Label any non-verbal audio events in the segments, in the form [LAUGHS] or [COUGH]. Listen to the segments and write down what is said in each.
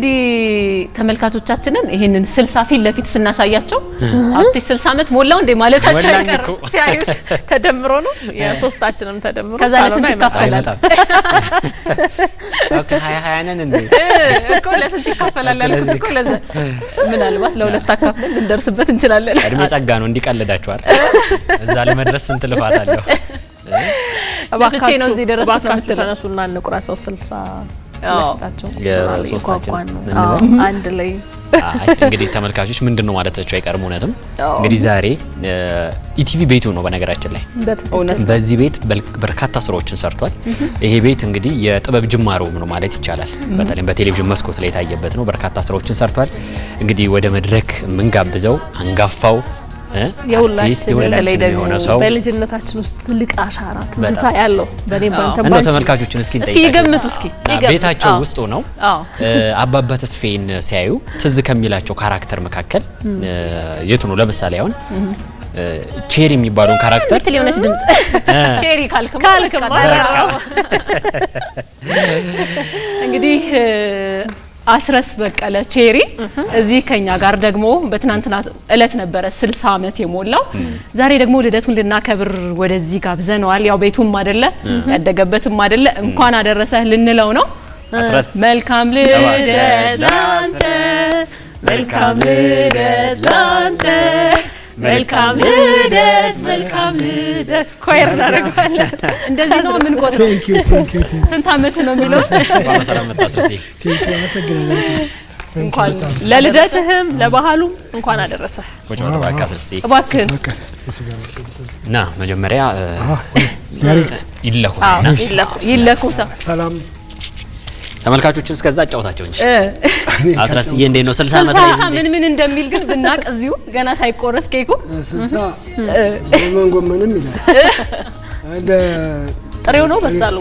እንግዲህ ተመልካቾቻችንን ይሄንን ስልሳ ፊት ለፊት ስናሳያቸው አርቲስት ስልሳ አመት ሞላው እንዴ ማለታቸው አይቀር። ሲያዩት ተደምሮ ነው የሶስታችንም ተደምሮ ከዛ ለስንት ይካፈላል? [LAUGHS] ሀያ ሀያ ነን እንዴ እኮ ለስንት ይካፈላል ያልኩት እኮ ለዛ ምናልባት ለሁለት አካፍለን ልንደርስበት እንችላለን። እድሜ ጸጋ ነው እንዲቀልዳችኋል። [LAUGHS] እዛ ለመድረስ ስንት ልፋት አለሁ። እባካችሁ ተነሱና እንቁራ ሰው ስልሳ ለፊታቸው አንድ ላይ እንግዲህ ተመልካቾች ምንድን ነው ማለታቸው አይቀርም። እውነትም እንግዲህ ዛሬ ኢቲቪ ቤቱ ነው። በነገራችን ላይ በዚህ ቤት በርካታ ስራዎችን ሰርቷል። ይሄ ቤት እንግዲህ የጥበብ ጅማሮ ነው ማለት ይቻላል። በተለይም በቴሌቪዥን መስኮት ላይ የታየበት ነው። በርካታ ስራዎችን ሰርቷል። እንግዲህ ወደ መድረክ የምንጋብዘው አንጋፋው የሁላችን በልጅነታችን ውስጥ ትልቅ አሻራ ትዝታ ያለው በኔ ባንተ ባንቺ ተመልካቾችን እስኪ ይገምቱ እስኪ ቤታቸው ውስጥ ነው አባባ ተስፋዬን ሲያዩ ትዝ ከሚላቸው ካራክተር መካከል የቱ ነው? ለምሳሌ አሁን ቼሪ የሚባለውን ካራክተር ትል የሆነች ድምጽ ቼሪ ካልከማ ካልከማ እንግዲህ አስረስ በቀለ ቼሪ እዚህ ከኛ ጋር ደግሞ በትናንትና እለት ነበረ ስልሳ አመት የሞላው ዛሬ ደግሞ ልደቱን ልናከብር ወደዚህ ጋብዘነዋል። ያው ቤቱም አይደለ ያደገበትም አይደለ እንኳን አደረሰ ልንለው ነው። መልካም ልደት ላንተ፣ መልካም ልደት ላንተ መልካም ልደት መልካም ልደት እናደርገዋለን። እንደዚህ ነው የምንቆጥረው። ስንት አመት ነው የሚለው? [LAUGHS] እንኳን ለልደትህም ለባህሉም እንኳን አደረሰ። እባክህን እና መጀመሪያ ተመልካቾችን እስከዛ አጫውታቸው እንጂ አስረስዬ እንዴት ነው ስልሳ ዓመት ላይ ምን ምን እንደሚል ግን ብናቅ እዚሁ ገና ሳይቆረስ ኬኩ ጎመን ጎመንም ጥሬው ነው በሳሉ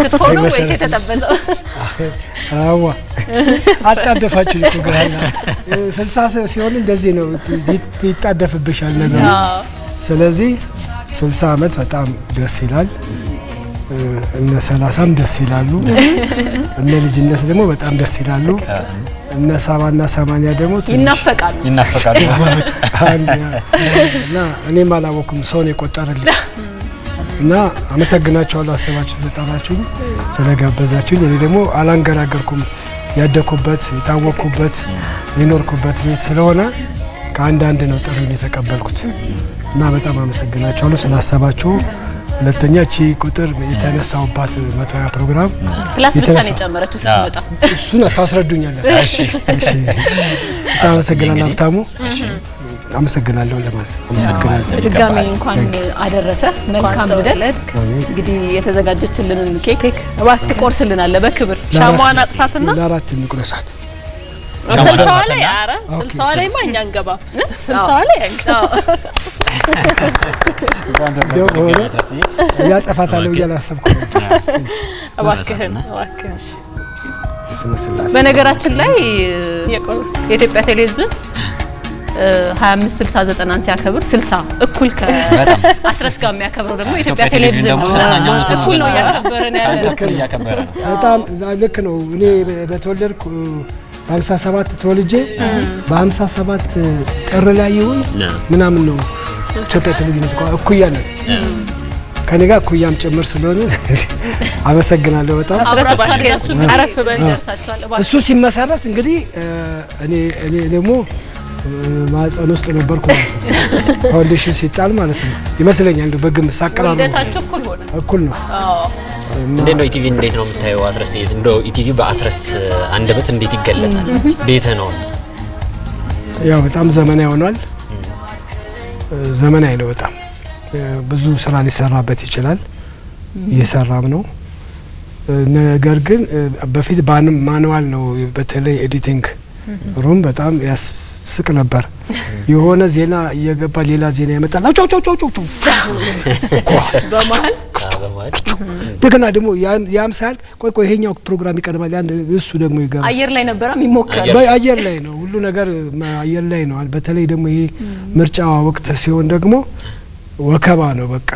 ክትፎ ነው ወይስ የተጠበሰው? አዋ አጣደፋችሁ እኮ ግራና ስልሳ ሲሆን እንደዚህ ነው ይጣደፍብሻል ነገር ስለዚህ ስልሳ ዓመት በጣም ደስ ይላል። እነ ሰላሳም ደስ ይላሉ፣ [LAUGHS] እነ ልጅነት ደግሞ በጣም ደስ ይላሉ። እነ እና ሰማንያ ደግሞ ይናፈቃሉ ይናፈቃሉ። እና እኔም አላወኩም ሰውን የቆጠረልኝ [LAUGHS] እና አመሰግናችኋለሁ። አስባችሁ ስለጠራችሁኝ ስለጋበዛችሁኝ፣ እኔ ደግሞ አላንገራገርኩም። ያደኩበት የታወቅኩበት የኖርኩበት ቤት ስለሆነ ከአንዳንድ ነው ጥሪውን የተቀበልኩት እና በጣም አመሰግናችኋለሁ ስላሰባችሁ ሁለተኛ ቺ ቁጥር የተነሳውባት መቶ ሀያ ፕሮግራም ፕላስ ብቻ ነው የጨመረችው ስትመጣ። እሱን ታስረዱኛለን። እሺ እሺ። በጣም አመሰግናለሁ ሀብታሙ። አመሰግናለሁ ለማለት አመሰግናለሁ። ድጋሚ እንኳን አደረሰ። መልካም ልደት። እንግዲህ የተዘጋጀችልንን ኬክ እባክህ ቆርስልናለ በክብር ሻማዋን አጥፋትና ለአራት የሚቆረሳት ስልሳዋ ላይ ኧረ ስልሳዋ ላይ ማ እኛ እንገባ ስልሳዋ ላይ እያጠፋታለሁ ብዬ አላሰብኩም። በነገራችን ላይ የኢትዮጵያ ቴሌቪዥን 25 ሲያከብር 60 እኩል ከአስረስ ጋር የሚያከብረው ደግሞ ኢትዮጵያ ቴሌቪዥን ነው። እኩል ነው ልክ ነው። እኔ በተወለድኩ በ57 ተወልጄ በ57 ጥር ላይ ይሁን ምናምን ነው ኢትዮጵያ ቴሌቪዥን እኮ እኩያ ነው ከኔ ጋር እኩያም ጭምር ስለሆነ [LAUGHS] አመሰግናለሁ። በጣም እሱ ሲመሰረት እንግዲህ እኔ እኔ ደግሞ ማህፀን ውስጥ ነበርኩ [LAUGHS] ፋውንዴሽን ሲጣል ማለት ነው ይመስለኛል። እንደው በግምት ሳቀራሩ እኩል ነው። እንዴት ነው ኢቲቪ እንዴት ነው የምታየው? አስረስ እንደው ኢቲቪ በአስረስ አንደበት እንዴት ይገለጻል? ቤተ ነው ያው በጣም ዘመናዊ ሆኗል። ዘመናዊ ነው። በጣም ብዙ ስራ ሊሰራበት ይችላል። እየሰራም ነው። ነገር ግን በፊት ማንዋል ነው። በተለይ ኤዲቲንግ ሩም በጣም ያስቅ ነበር። የሆነ ዜና እየገባ ሌላ ዜና ኳ አውጫውጫውጫውጫው እንደገና ደግሞ ያም ሳል ቆይ ቆይ ይሄኛው ፕሮግራም ይቀድማል፣ ያን እሱ ደግሞ ይገባል። አየር ላይ ነበራ የሚሞከረው አየር ላይ ነው፣ ሁሉ ነገር አየር ላይ ነው። በተለይ ደግሞ ይሄ ምርጫ ወቅት ሲሆን ደግሞ ወከባ ነው። በቃ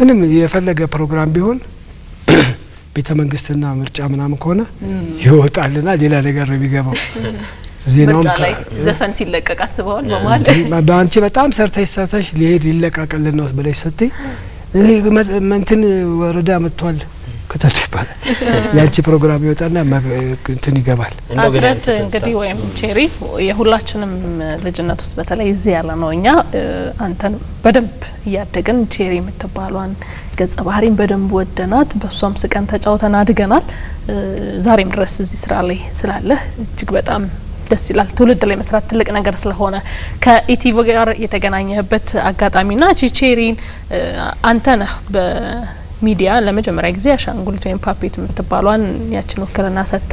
ምንም የፈለገ ፕሮግራም ቢሆን [CLEARS THROAT] ቤተ መንግስትና ምርጫ ምናምን ከሆነ ይወጣልና ሌላ ነገር ነው የሚገባው። ዜናውም ዘፈን ሲለቀቅ አስበዋል። በመሀል በአንቺ በጣም ሰርተሽ ሰርተሽ ሊሄድ ሊለቃቀልን ነው ብለሽ ስትይ እንትን ወረዳ መጥቷል ክተቱ ይባላል። [LAUGHS] ያንቺ ፕሮግራም ይወጣና እንትን ይገባል። አስረስ እንግዲህ ወይም ቼሪ የሁላችንም ልጅነት ውስጥ በተለይ እዚህ ያለ ነው። እኛ አንተን በደንብ እያደግን ቼሪ የምትባሏን ገጸ ባህሪን በደንብ ወደናት፣ በእሷም ስቀን ተጫውተን አድገናል። ዛሬም ድረስ እዚህ ስራ ላይ ስላለህ እጅግ በጣም ደስ ይላል። ትውልድ ላይ መስራት ትልቅ ነገር ስለሆነ ከኢቲቪ ጋር የተገናኘህበት ና ቺቼሪን አንተ ነህ በሚዲያ ለመጀመሪያ ጊዜ አሻንጉሊት ወይም ፓፔት የምትባሏን ያችን ውክልና ሰተ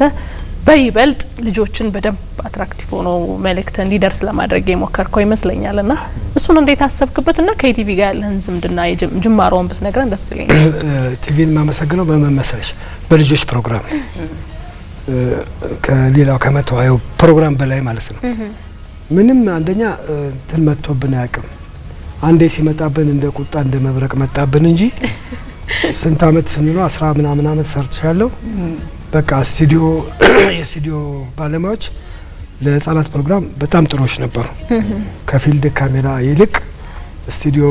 በይበልጥ ልጆችን በደንብ አትራክቲቭ ሆኖ መልእክት እንዲደርስ ለማድረግ የሞከርከው ይመስለኛል። ና እሱን እንዴት አሰብክበት ና ከኢቲቪ ጋር ያለህን ዝምድና ጅማሮውን ብትነግረን ደስ ይለኛል። ቲቪን ማመሰግነው በመመሰለች በልጆች ፕሮግራም ከሌላው ከመቶ ሀያው ፕሮግራም በላይ ማለት ነው። ምንም አንደኛ እንትን መጥቶብን አያውቅም። አንዴ ሲመጣብን እንደ ቁጣ እንደ መብረቅ መጣብን እንጂ [LAUGHS] ስንት አመት ስንለው አስራ ምናምን አመት ሰርቻለሁ። በቃ ስቱዲዮ [CLEARS THROAT] የስቱዲዮ ባለሙያዎች ለህጻናት ፕሮግራም በጣም ጥሩዎች ነበሩ። ከፊልድ ካሜራ ይልቅ ስቱዲዮ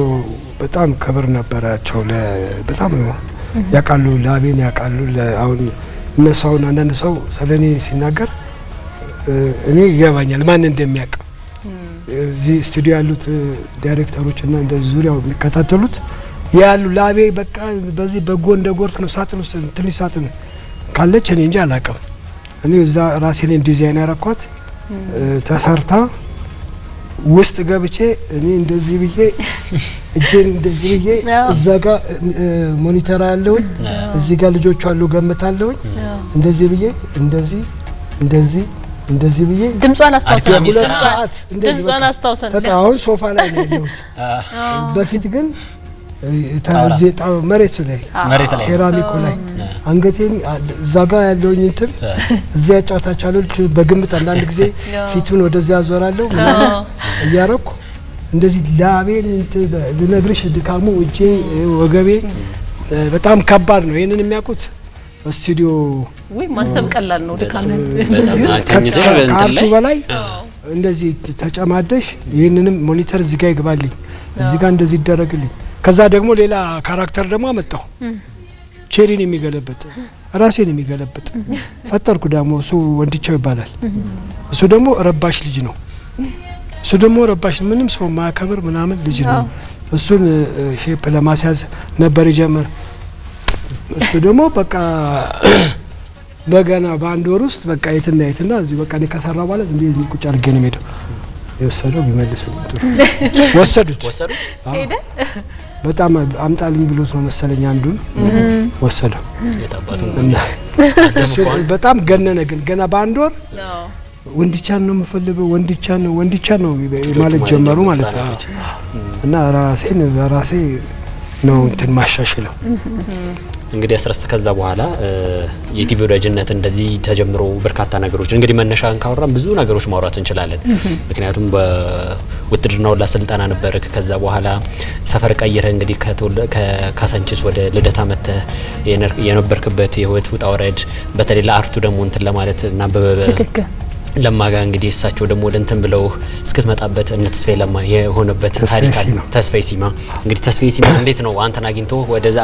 በጣም ክብር ነበራቸው። በጣም ያውቃሉ፣ ላቤን ያውቃሉ። አሁን እነሱ አንዳንድ ሰው ስለኔ ሲናገር እኔ ይገባኛል ማን እንደሚያውቅ እዚህ ስቱዲዮ ያሉት ዳይሬክተሮች እና እንደ ዙሪያው የሚከታተሉት ያሉ ላቤ በቃ በዚህ በጎ እንደ ጎርፍ ነው። ሳጥን ውስጥ ትንሽ ሳጥን ካለች እኔ እንጂ አላውቅም። እኔ እዛ ራሴ ዲዛይን ያረኳት ተሰርታ ውስጥ ገብቼ እኔ እንደዚህ ብዬ እጄን እንደዚህ ብዬ እዛ ጋ ሞኒተር አለውኝ፣ እዚህ ጋር ልጆቹ አሉ ገምታለሁኝ። እንደዚህ ብዬ እንደዚህ እንደዚህ እንደዚህ ብዬ ድምጿን አስታውሰን ሁለት ሰዓት እንደዚህ አስታውሰን። አሁን ሶፋ ላይ ነው ያለሁት። በፊት ግን መሬቱ ላይ ሴራሚኩ ላይ አንገቴን እዛ ጋ ያለውኝ እንትን እዚያ ያጫውታቸዋለሁ። በግምት አንዳንድ ጊዜ ፊቱን ወደዚያ ያዞራለሁ እያረኩ እንደዚህ ላቤን ልነግርሽ ድካሙ እጄ ወገቤ በጣም ከባድ ነው። ይህንን የሚያውቁት በስቱዲዮ ማሰብ ቀላል ነው። ድካምን በላይ እንደዚህ ተጨማደሽ። ይህንንም ሞኒተር እዚጋ ጋ ይግባልኝ፣ እዚህ እንደዚህ ይደረግልኝ ከዛ ደግሞ ሌላ ካራክተር ደግሞ አመጣሁ። ቼሪን የሚገለበጥ ራሴን የሚገለበጥ ፈጠርኩ። ደግሞ እሱ ወንድቻው ይባላል። እሱ ደግሞ ረባሽ ልጅ ነው። እሱ ደግሞ ረባሽ ምንም ሰው ማያከብር ምናምን ልጅ ነው። እሱን ሼፕ ለማስያዝ ነበር የጀመር። እሱ ደግሞ በቃ [CLEARS THROAT] በገና በአንድ ወር ውስጥ በቃ የትና የትና እዚህ በቃ እኔ ከሰራ በኋላ ዝም ብዬ ቁጭ አድርጌ ነው የምሄደው። የወሰደው ቢመልስልኝ [LAUGHS] ወሰዱት ሄደ በጣም አምጣልኝ ብሎት ነው መሰለኝ አንዱን ወሰደ። በጣም ገነነ። ግን ገና በአንድ ወር ወንድቻን ነው የምፈልገው ወንድቻን ነው ወንድቻን ነው ማለት ጀመሩ ማለት ነው እና ራሴን ራሴ ነው እንትን ማሻሽለው እንግዲህ አስረስ ከዛ በኋላ የቲቪ ወዳጅነት እንደዚህ ተጀምሮ በርካታ ነገሮች እንግዲህ መነሻን ካወራን ብዙ ነገሮች ማውራት እንችላለን። ምክንያቱም በውትድርና ሁላ ስልጠና ነበር። ከዛ በኋላ ሰፈር ቀይረ እንግዲህ ከካሳንቺስ ወደ ልደታ መተ የነበርክበት የህይወት ውጣ ወረድ በተለይ ለአርቱ ደግሞ እንትን ለማለት እና በበበ ለማ ጋር እንግዲህ እሳቸው ደግሞ ወደ እንትን ብለው እስክትመጣበት እነ ተስፋዬ ለማ የሆነበት ታሪክ አለ። ተስፋዬ ሲማ እንግዲህ ተስፋዬ ሲማ እንዴት ነው አንተን አግኝቶ ወደዛ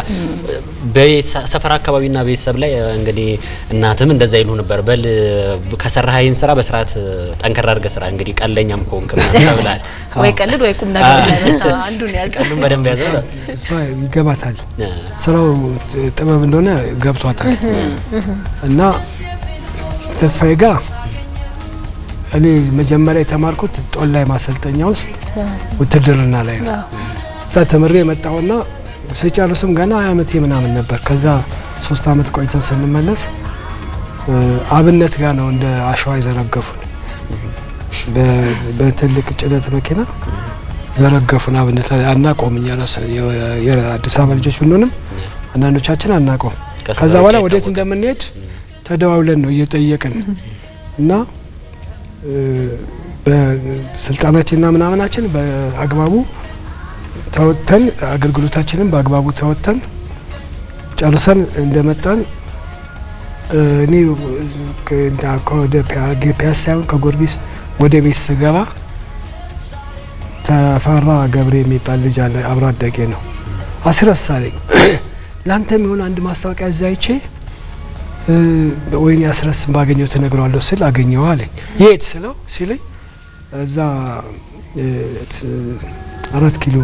በሰፈር አካባቢና ቤተሰብ ላይ እንግዲህ እናትም እንደዛ ይሉ ነበር፣ በል ከሰራህን ስራ በስርዓት ጠንከራ አድርገህ ስራ እንግዲህ ቀለኛም ከሆንክ ተብላል። [LAUGHS] ወይ ቀልድ ወይ ቁም ነገር አንዱን [LAUGHS] ያዘ፣ ቀልዱን በደንብ ያዘ። እሷ ይገባታል ስራው ጥበብ እንደሆነ ገብቷታል እና ተስፋዬ ጋር እኔ መጀመሪያ የተማርኩት ጦላይ ማሰልጠኛ ውስጥ ውትድርና ላይ ነው። እዛ ተምሬ የመጣውና ስጨርስም ገና አመቴ ምናምን ነበር። ከዛ ሶስት አመት ቆይተን ስንመለስ አብነት ጋር ነው እንደ አሸዋ የዘረገፉን በትልቅ ጭነት መኪና ዘረገፉን። አብነት አናቆም እኛ የአዲስ አበባ ልጆች ብንሆንም አንዳንዶቻችን አናቆም። ከዛ በኋላ ወዴት እንደምንሄድ ተደዋውለን ነው እየጠየቅን እና በስልጣናችንና ምናምናችን በአግባቡ ተወጥተን አገልግሎታችንን በአግባቡ ተወጥተን ጨርሰን እንደመጣን እኔ ወደ ፒያሳ ሳይሆን ከጎርጊስ ወደ ቤት ስገባ ተፈራ ገብሬ የሚባል ልጅ አለ። አብሮ አደጌ ነው። አስረሳለኝ ለአንተ [CLEARS THROAT] የሚሆን አንድ ማስታወቂያ እዛ አይቼ ወይኔ አስረስም ባገኘው ትነግረዋለሁ ስል አገኘው አለኝ። የት ስለው ሲለኝ እዛ አራት ኪሎ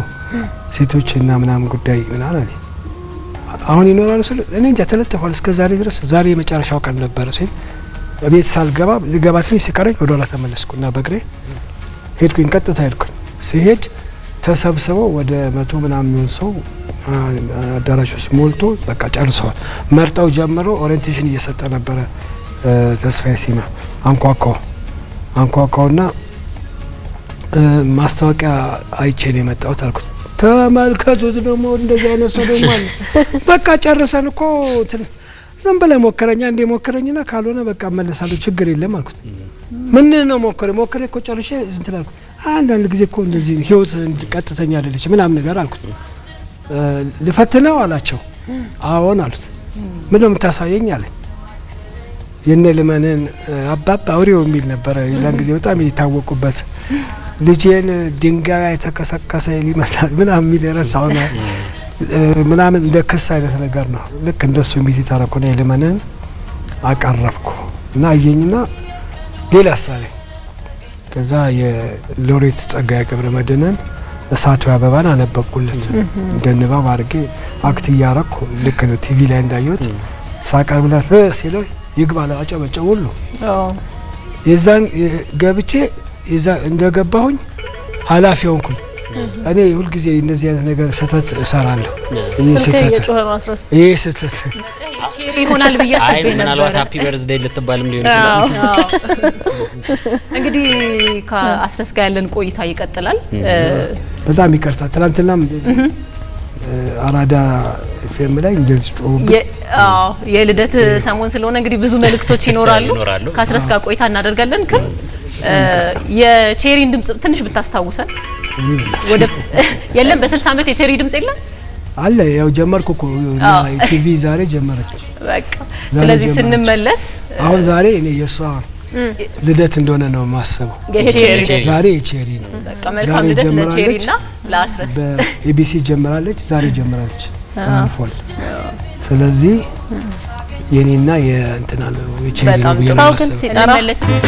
ሴቶች እና ምናምን ጉዳይ ምናምን አለኝ። አሁን ይኖራሉ ስል እኔ እንጃ ተለጥፏል እስከ ዛሬ ድረስ ዛሬ የመጨረሻው ቀን ነበረ ሲል ቤት ሳልገባ ልገባ ስል ሲቀረኝ ወደ ኋላ ተመለስኩ እና በእግሬ ሄድኩኝ። ቀጥታ ሄድኩኝ። ሲሄድ ተሰብስበው ወደ መቶ ምናምን የሚሆን ሰው አዳራሾች ሞልቶ በቃ ጨርሰዋል። መርጠው ጀምሮ ኦሪንቴሽን እየሰጠ ነበረ። ተስፋዬ ሲማ አንኳኳው አንኳኳውና ማስታወቂያ አይቼ ነው የመጣሁት አልኩት። ተመልከቱት ደግሞ እንደዚህ አይነት ሰው ደግሞ አለ። በቃ ጨርሰን እኮ ዝም ብለህ ሞክረኛ እንዴ ሞክረኝና ካልሆነ በቃ እመለሳለሁ ችግር የለም አልኩት። ምን ነው ሞክረ ሞክረ እኮ ጨርሼ እንትን አልኩት። አንዳንድ ጊዜ እኮ እንደዚህ ህይወት ቀጥተኛ አይደለች ምናምን ነገር አልኩት። ልፈትነው አላቸው። አዎን አሉት። ምን ነው የምታሳየኝ አለኝ። የነ ልመንን አባባ አውሬው የሚል ነበረ የዛን ጊዜ በጣም የታወቁበት ልጄን ድንጋይ የተከሰከሰ ይመስላል ምናምን የሚል የረሳው ነው ምናምን እንደ ክስ አይነት ነገር ነው። ልክ እንደሱ የሚል ነው። የልመንን አቀረብኩ እና አየኝና ሌላ አሳለኝ። ከዛ የሎሬት ጸጋዬ ገብረ መድኅንን እሳቱ አበባን አነበብኩለት እንደ ንባብ አድርጌ አክት እያረኩ ልክ ነው ቲቪ ላይ እንዳየሁት ሳቀርብላት ሲለው ይግባል አጨበጨቡ ሁሉ የዛን ገብቼ የዛ እንደገባሁኝ ኃላፊ ሆንኩኝ። እኔ ሁልጊዜ እነዚህ አይነት ነገር ስህተት እሰራለሁ። ይሄ ስህተት ይሆናል ብዬ አስቤ ነበር። ምናልባት ሀፒ በርዝዴ ልትባልም ሊሆን ይችላል። [LAUGHS] እንግዲህ ከአስረስ ጋር ያለን ቆይታ ይቀጥላል። በጣም ይቀርታል። ትናንትናም አራዳ ፌም ላይ እንደዚህ ጮ የልደት ሰሞን ስለሆነ እንግዲህ ብዙ መልእክቶች ይኖራሉ። ከአስረስ ጋር ቆይታ እናደርጋለን ግን የቼሪን ድምጽ ትንሽ ብታስታውሰን። [LAUGHS] የለም በ አመት ዓመት የቼሪ ድምጽ የለም አለ። ያው ጀመርኩ እኮ ቲቪ ዛሬ ጀመረች። በቃ ስለዚህ ስንመለስ አሁን ዛሬ እኔ የሷ ልደት እንደሆነ ነው የማስበው። ዛሬ የቼሪ ነው። ዛሬ ጀምራለች፣ በኤቢሲ ጀምራለች፣ ዛሬ ጀምራለች ፎል። ስለዚህ የኔና የእንትና ነው የቼሪ ነው ብዬ ነው የማስበው።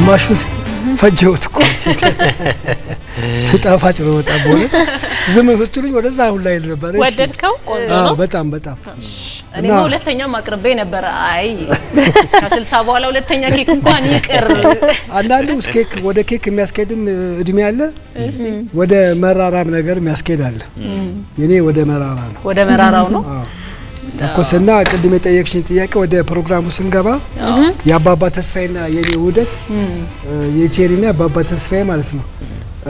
ግማሹን ፈጀውት እኮ ጣፋጭ ነው በጣም በሆነ ዝም ብትሉኝ ወደዛ አሁን ላይ ነበር። ወደድከው? ቆንጆ ነው በጣም በጣም። እኔ ሁለተኛም አቅርቤ ነበረ። አይ ከስልሳ በኋላ ሁለተኛ ኬክ እንኳን ይቅር። አንዳንዱ ኬክ ወደ ኬክ የሚያስኬድም እድሜ አለ፣ ወደ መራራም ነገር የሚያስኬድ አለ። እኔ ወደ መራራ ነው ወደ መራራው ነው ትኩስና ቅድም የጠየቅሽኝ ጥያቄ ወደ ፕሮግራሙ ስንገባ የአባባ ተስፋዬና የኔ ውህደት የቼሪና የአባባ ተስፋዬ ማለት ነው።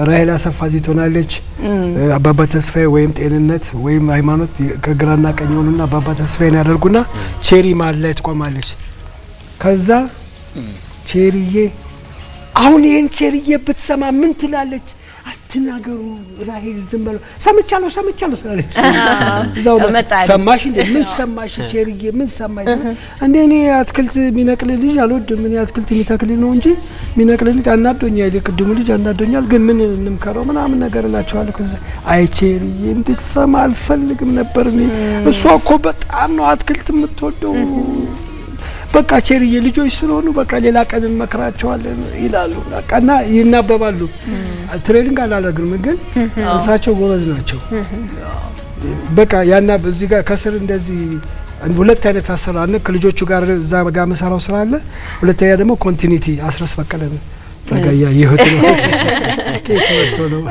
ራሄል አሰፋ እዚህ ትሆናለች። አባባ ተስፋዬ ወይም ጤንነት ወይም ሃይማኖት ከግራና ቀኝ ሆኑና አባባ ተስፋዬን ያደርጉና ቼሪ መሀል ላይ ትቆማለች። ከዛ ቼሪዬ አሁን ይህን ቼሪዬ ብትሰማ ምን ትላለች? ትናገሩ ራሄል ዝም በለው። ሰምቻለሁ ሰምቻለሁ ስላለች እዛው ሰማሽ እንዴ? ምን ሰማሽ ቼርዬ? ምን ሰማሽ እንዴ? እኔ አትክልት የሚነቅል ልጅ አልወድም። እኔ አትክልት የሚተክል ነው እንጂ የሚነቅል ልጅ አናዶኛል። ቅድሙ ልጅ አናዶኛል። ግን ምን እንምከረው ምናምን ነገር እላቸዋለሁ። ከዛ አይ ቼርዬ እንድትሰማ አልፈልግም ነበር እኔ። እሷ እኮ በጣም ነው አትክልት የምትወደው በቃ ቸርዬ ልጆች ስለሆኑ በቃ ሌላ ቀን እንመክራቸዋለን ይላሉ። በቃ እና ይናበባሉ። ትሬኒንግ አላደርግም፣ ግን እሳቸው ጎበዝ ናቸው። በቃ ያና እዚህ ጋር ከስር እንደዚህ ሁለት አይነት አሰራር ከልጆቹ ጋር እዛ ጋ መሰራው ስላለ፣ አለ። ሁለተኛ ደግሞ ኮንቲኒቲ አስረስ በቀለ ነው ጸጋያ ይሁት ነው።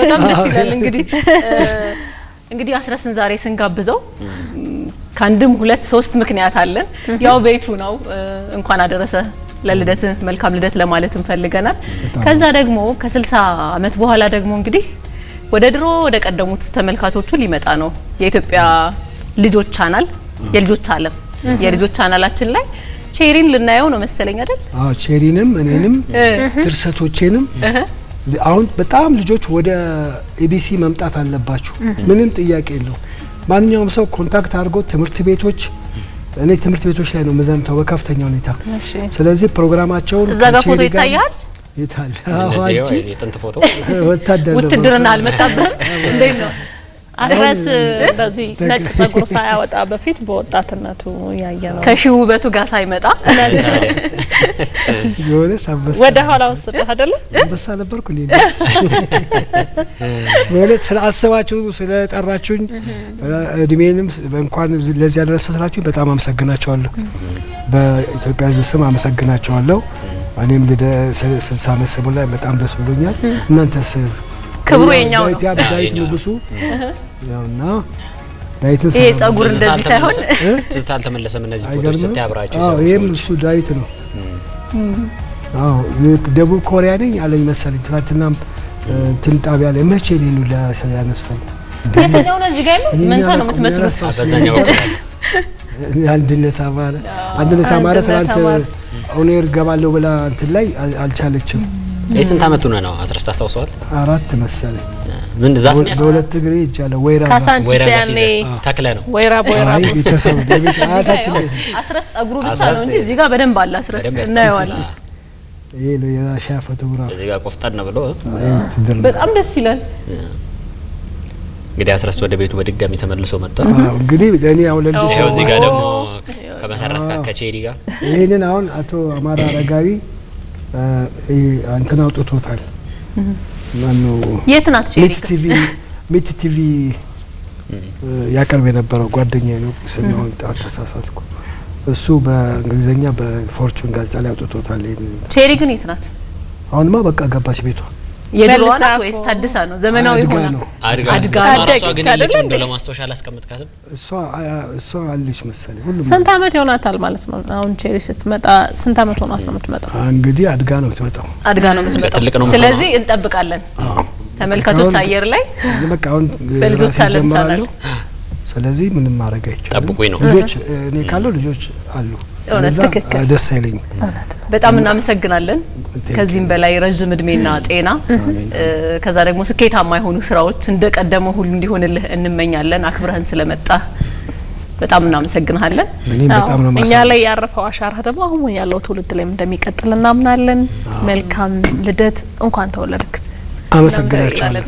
በጣም ደስ ይላል። እንግዲህ እንግዲህ አስረስን ዛሬ ስንጋብዘው ከአንድም ሁለት ሶስት ምክንያት አለን። ያው ቤቱ ነው። እንኳን አደረሰ ለልደት መልካም ልደት ለማለት እንፈልገናል። ከዛ ደግሞ ከስልሳ አመት በኋላ ደግሞ እንግዲህ ወደ ድሮ ወደ ቀደሙት ተመልካቾቹ ሊመጣ ነው የኢትዮጵያ ልጆች ቻናል የልጆች አለም የልጆች ቻናላችን ላይ ቼሪን ልናየው ነው መሰለኝ አይደል? አዎ ቼሪንም እኔንም ድርሰቶቼንም አሁን በጣም ልጆች ወደ ኤቢሲ መምጣት አለባችሁ። ምንም ጥያቄ የለው። ማንኛውም ሰው ኮንታክት አድርጎ ትምህርት ቤቶች እኔ ትምህርት ቤቶች ላይ ነው መዘምተው በከፍተኛ ሁኔታ። ስለዚህ ፕሮግራማቸውን እዛ ጋር ፎቶ ይታያል ይታል። ወታደር ውትድርና አልመጣብህም እንዴት ነው? አስረስ በዚህ ነጭ ጸጉር ሳያወጣ በፊት በወጣትነቱ ያየ ነው። ከሺ ውበቱ ጋር ሳይመጣ [LAUGHS] ወደ ኋላ ወሰደ አደለ አንበሳ ነበርኩ እኔ በእውነት [LAUGHS] ስለ አስባችሁ ስለ ጠራችሁኝ እድሜንም እንኳን ለዚህ ያደረሰ ስራችሁኝ በጣም አመሰግናቸዋለሁ። በኢትዮጵያ ሕዝብ ስም አመሰግናቸዋለሁ። እኔም ልደ ስልሳ መሰቡ ላይ በጣም ደስ ብሎኛል። እናንተስ ክብሩ የኛው ነው። ዳዊት ንጉሱ ነውና ዳዊትን ይሄ ጸጉር እንደዚህ ሳይሆን ትዝታ አልተመለሰም። እነዚህ ፎቶች ስታይ አብራቸው ይሄም እሱ ዳዊት ነው። አዎ ደቡብ ኮሪያ ነኝ አለኝ መሰለኝ። ትናንትናም እንትን ጣቢያ ላይ መቼ ሊሉ ለሰው ያነሳል አንድነት አማረ አንድነት አማረ ትናንት ኦኔር ገባለሁ ብላ እንትን ላይ አልቻለችም። የስንት አመት ሆነ ነው? አስረስታ አስታውሰዋል። አራት መሰለኝ። ምን ዛፍ ነው? በሁለት እግሬ ይቻለ ወይራ ዛፍ ወይራ ዛፍ ተክለ ነው ወይራ ወይራ ቤተሰብ ደብቅ [LAUGHS] አያታችን ቤት አስረስ ጸጉሩ ብቻ ነው እንጂ እዚህ ጋር በደንብ አለ። አስረስ እናየዋለን። ይሄ ነው የራሻ ፎቶግራፍ እዚህ ጋር ቆፍጠን ነው ብሎ በጣም ደስ ይላል። እንግዲህ አስረስ ወደ ቤቱ በድጋሚ ተመልሶ መጥቷል። እንግዲህ እኔ አሁን ለልጅ እዚህ ጋር ደግሞ ከመሰረት ካከቼሪ ጋር ይሄንን አሁን አቶ አማራ አረጋዊ እንትን አውጥቶታል። ማነው ሚት ቲቪ ያቀርብ የነበረው ጓደኛ ነው ስሚሆን ተሳሳትኩ። እሱ በእንግሊዝኛ በፎርቹን ጋዜጣ ላይ አውጥቶታል። ቼሪ ግን የት ናት? አሁንማ በቃ ገባች ቤቷ። የድሮዋና ወይስ ታድሳ ነው? ዘመናዊ ሆና አድጋ አድጋ አይደል? እንደ ለማስታወሻ አላስቀምጥካትም። እሷ እሷ አለች መሰለኝ። ሁሉ ስንት አመት ይሆናታል ማለት ነው? አሁን ቼሪ ስትመጣ ስንት አመት ሆኗት ነው የምትመጣው? እንግዲህ አድጋ ነው የምትመጣው፣ አድጋ ነው የምትመጣው። ስለዚህ እንጠብቃለን ተመልካቾች፣ አየር ላይ በቃ አሁን በልጆች አለም ታላለሁ። ስለዚህ ምንም ማድረግ አይቻልም። ጠብቁኝ ነው ልጆች፣ እኔ ካለው ልጆች አሉ እውነት ደስ አይለኝም። በጣም እናመሰግናለን። ከዚህም በላይ ረዥም እድሜና mm-hmm. ጤና mm-hmm. ከዛ ደግሞ ስኬታማ የሆኑ ስራዎች እንደቀደመ ሁሉ እንዲሆንልህ እንመኛለን። አክብረህን ስለመጣህ በጣም እናመሰግናለን። እኛ ላይ ያረፈው አሻራ ደግሞ አሁን ያለው ትውልድ ላይም እንደሚቀጥል እናምናለን። መልካም ልደት። እንኳን ተወለድክ። አመሰግናቸዋለሁ።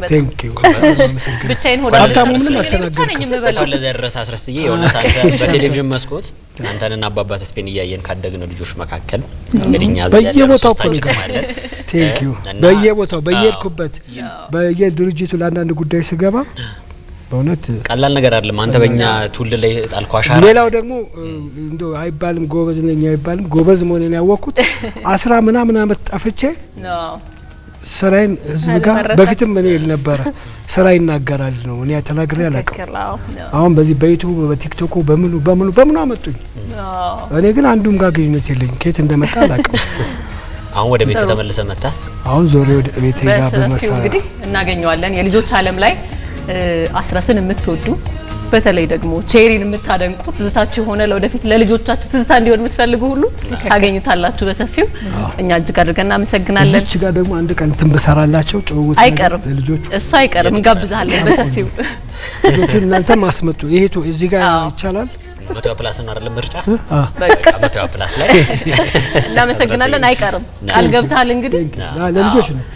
ብቻዬን ምንም አልተናገርኩም። [LAUGHS] በቴሌቪዥን መስኮት አንተንና አባባ ተስፌን እያየን ካደግነው ልጆች መካከል እንግዲህ እኛ በየቦታው በየቦታው በየሄድኩበት በየድርጅቱ ለአንዳንድ ጉዳይ ስገባ በእውነት ቀላል ነገር አይደለም። አንተ በእኛ ትውልድ ላይ ጣልኩ አሻራ። ሌላው ደግሞ እንዶ አይባልም ጎበዝ ነኝ አይባልም። ጎበዝ መሆኔን ያወቅኩት [LAUGHS] አስራ ምናምን አመት ጠፍቼ ስራዬን ህዝብ ጋር በፊትም እኔ ል ነበረ ስራ ይናገራል ነው እኔ ተናግሬ አላውቅም። አሁን በዚህ በዩቱቡ በቲክቶኩ በምኑ በምኑ በምኑ አመጡኝ። እኔ ግን አንዱም ጋር ግንኙነት የለኝ ከየት እንደመጣ አላውቅም። [LAUGHS] አሁን ወደ ቤት ተመልሰ መጣ። አሁን ዞሬ ወደ ቤቴ ጋር በመሳ እንግዲህ እናገኘዋለን። የልጆች አለም ላይ አስረስን የምትወዱ በተለይ ደግሞ ቼሪን የምታደንቁ ትዝታችሁ ሆነ ለወደፊት ለልጆቻችሁ ትዝታ እንዲሆን የምትፈልጉ ሁሉ ታገኙታላችሁ በሰፊው። እኛ እጅግ አድርገን እናመሰግናለን። እዚች ጋር ደግሞ አንድ ቀን እንትን ብሰራላቸው ጭውውት አይቀርም፣ ለልጆቹ እሱ አይቀርም፣ እንጋብዛለን በሰፊው። ልጆቹ እናንተ ማስመጡ ይሄቱ እዚህ ጋር ይቻላል። መቶ ፕላስ ነው ምርጫ በቃ መቶ ፕላስ ላይ እናመሰግናለን። አይቀርም፣ ቃል ገብተሃል እንግዲህ ለልጆች ነው።